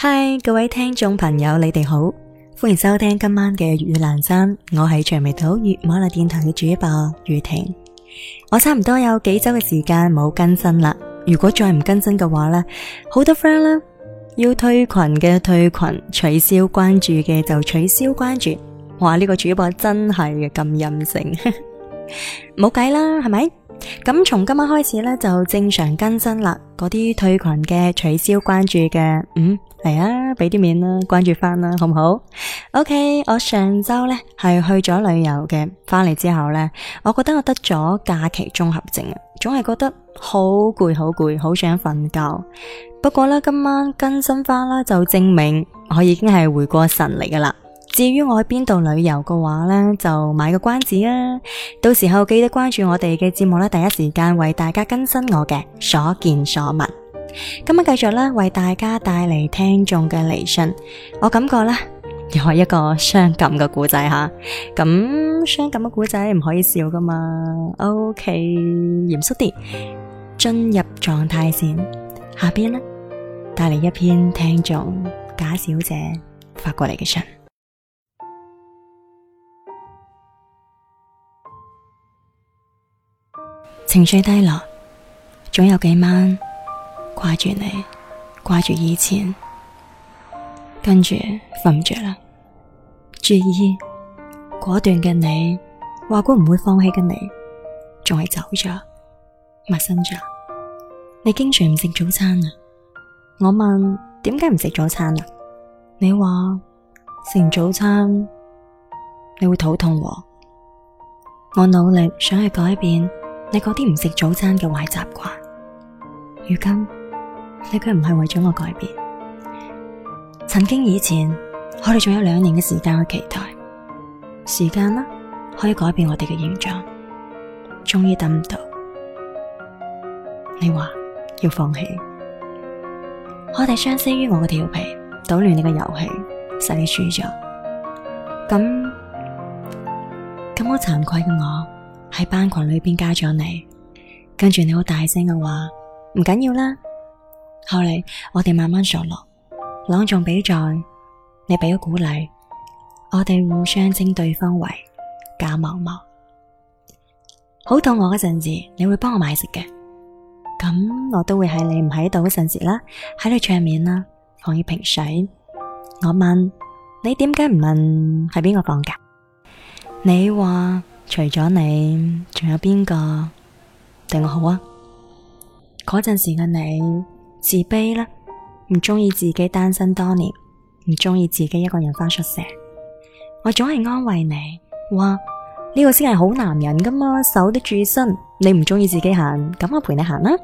嗨，Hi, 各位聽眾朋友，你哋好，歡迎收聽今晚嘅粵語蘭山。我係長眉島粵網絡電台嘅主播雨婷。我差唔多有幾周嘅時間冇更新啦。如果再唔更新嘅話咧，好多 friend 啦要退群嘅退群，取消關注嘅就取消關注。話呢個主播真係咁任性，冇計啦，係咪？咁從今晚開始咧就正常更新啦。嗰啲退群嘅、取消關注嘅，嗯。嚟啊，俾啲面啦，關注翻啦，好唔好？OK，我上周呢係去咗旅遊嘅，翻嚟之後呢，我覺得我得咗假期綜合症啊，總係覺得好攰，好攰，好想瞓覺。不過呢，今晚更新翻啦，就證明我已經係回過神嚟噶啦。至於我去邊度旅遊嘅話呢，就買個關子啊。到時候記得關注我哋嘅節目啦，第一時間為大家更新我嘅所見所聞。今日繼續咧為大家帶嚟聽眾嘅嚟信，我感覺咧又係一個傷感嘅古仔吓，咁傷感嘅古仔唔可以笑噶嘛，OK 嚴肅啲，進入狀態先，下邊呢，帶嚟一篇聽眾假小姐發過嚟嘅信，情緒低落，總有幾晚。掛住你，掛住以前，跟住瞓唔着啦。注意，果斷嘅你，話過唔會放棄嘅你，仲係走咗，陌生咗。你經常唔食早餐啊？我問點解唔食早餐啊？你話食完早餐你會肚痛啊。我努力想去改變你嗰啲唔食早餐嘅壞習慣，如今。你卻唔係為咗我改變。曾經以前，我哋仲有兩年嘅時間去期待，時間啦可以改變我哋嘅現狀。終於等唔到，你話要放棄，我哋相識於我嘅調皮，搗亂你嘅遊戲，使你輸咗。咁咁好慚愧嘅我喺班群裏邊加咗你，跟住你好大聲嘅話唔緊要啦。後嚟我哋慢慢熟落，朗誦比賽你俾咗鼓勵，我哋互相稱對方為假毛毛。好肚餓我嗰陣時，你會幫我買食嘅，咁我都會喺你唔喺度嗰陣時啦，喺你桌面啦放一瓶水。我問你點解唔問係邊個放㗎？你話除咗你，仲有邊個對我好啊？嗰陣時嘅你。自卑啦，唔中意自己單身多年，唔中意自己一個人返宿舍。我總係安慰你，話呢個先係好男人㗎嘛，守得住身。你唔中意自己行，咁我陪你行啦、啊。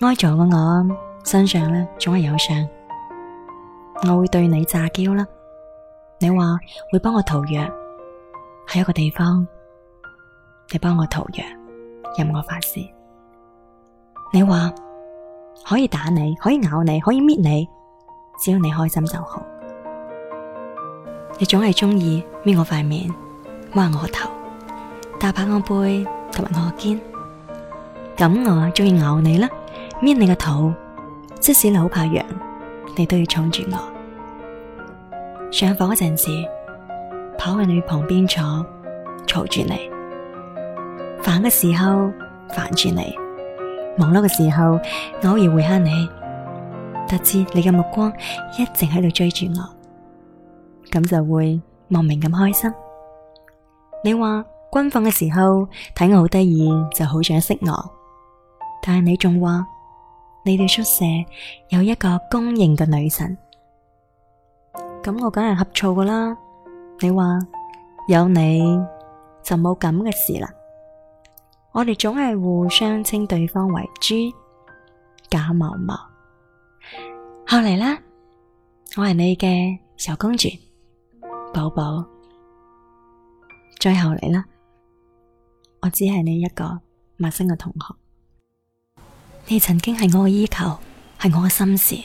愛鬧嘅我身上咧總係有傷，我會對你詐嬌啦。你話會幫我塗藥，喺一個地方，你幫我塗藥，任我發洩。你話，可以打你，可以咬你，可以搣你，只要你開心就好。你總係中意搣我塊面，摸下我個頭，搭下我背同埋我肩，咁我中意咬你啦，搣你個肚。即使你好怕癢，你都要寵住我。上課嗰陣時，跑去你旁邊坐，嘈住你；煩嘅時候，煩住你。忙碌嘅時候，偶爾回吓你，得知你嘅目光一直喺度追住我，咁就會莫名咁開心。你話軍訓嘅時候睇我好得意，就好想識我，但係你仲話你哋宿舍有一個公認嘅女神，咁我梗係呷醋噶啦。你話有你就冇咁嘅事啦。我哋總係互相稱對方為豬假毛毛。後嚟，咧，我係你嘅小公主寶寶，再後嚟,啦,我只係你一個陌生嘅同學。你曾經係我嘅依靠,係我嘅心事,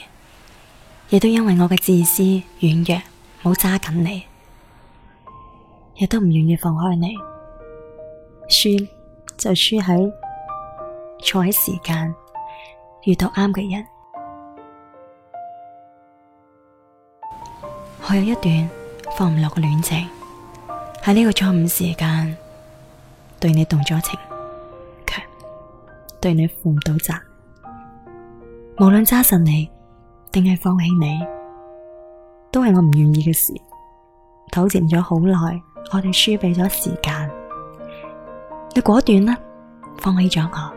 亦都因為我嘅自私軟弱,冇揸緊你,亦都唔願意放開你,算。就輸喺錯喺時間遇到啱嘅人，我有一段放唔落嘅戀情，喺呢個錯誤時間對你動咗情，卻對你負唔到責。無論揸實你定係放棄你，都係我唔願意嘅事。糾纏咗好耐，我哋輸俾咗時間。你果斷啦，放棄咗我，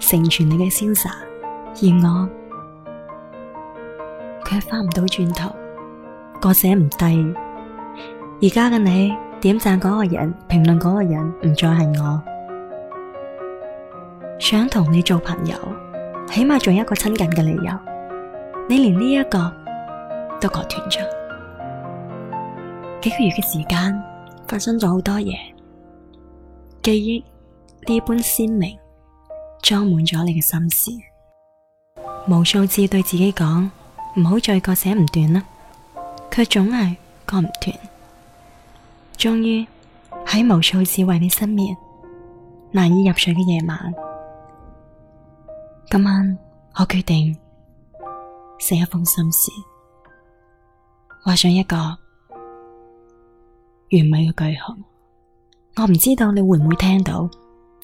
成全你嘅瀟灑，而我佢翻唔到轉頭，割捨唔低。而家嘅你點讚嗰個人，評論嗰個人，唔再係我。想同你做朋友，起碼仲有一個親近嘅理由，你連呢一個都割斷咗。幾個月嘅時間，發生咗好多嘢。記憶呢般鮮明，裝滿咗你嘅心事，無數次對自己講，唔好再割捨唔斷啦，卻總係割唔斷。終於喺無數次為你失眠、難以入睡嘅夜晚，今晚我決定寫一封心事，畫上一個完美嘅句號。我唔知道你會唔會聽到，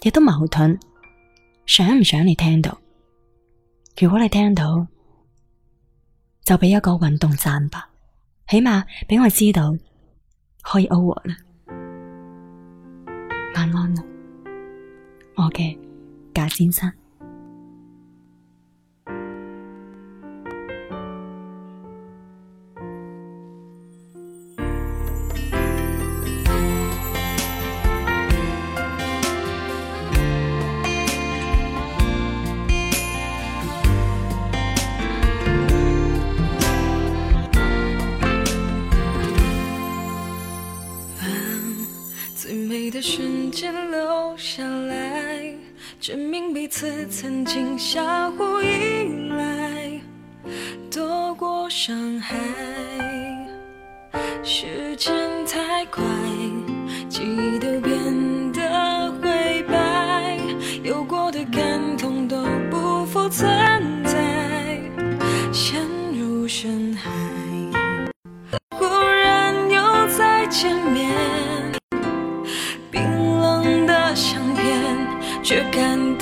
亦都矛盾，想唔想你聽到？如果你聽到，就畀一個運動讚吧，起碼畀我知道可以 over 啦。晚安啦，我嘅假先生。曾經相互依賴，躲過傷害。時間太快，記憶都變得灰白，有過的感動都不復存在，陷入深海。忽然又再見面，冰冷的相片，卻感動。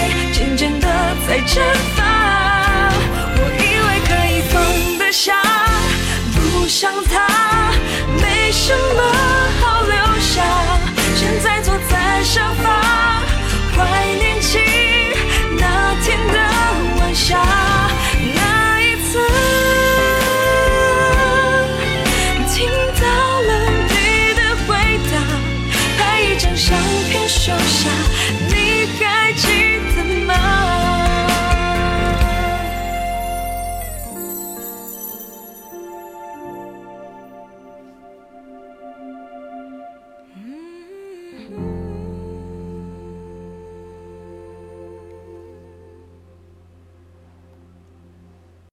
綻放，我以為可以放得下，不想他，沒什麼好。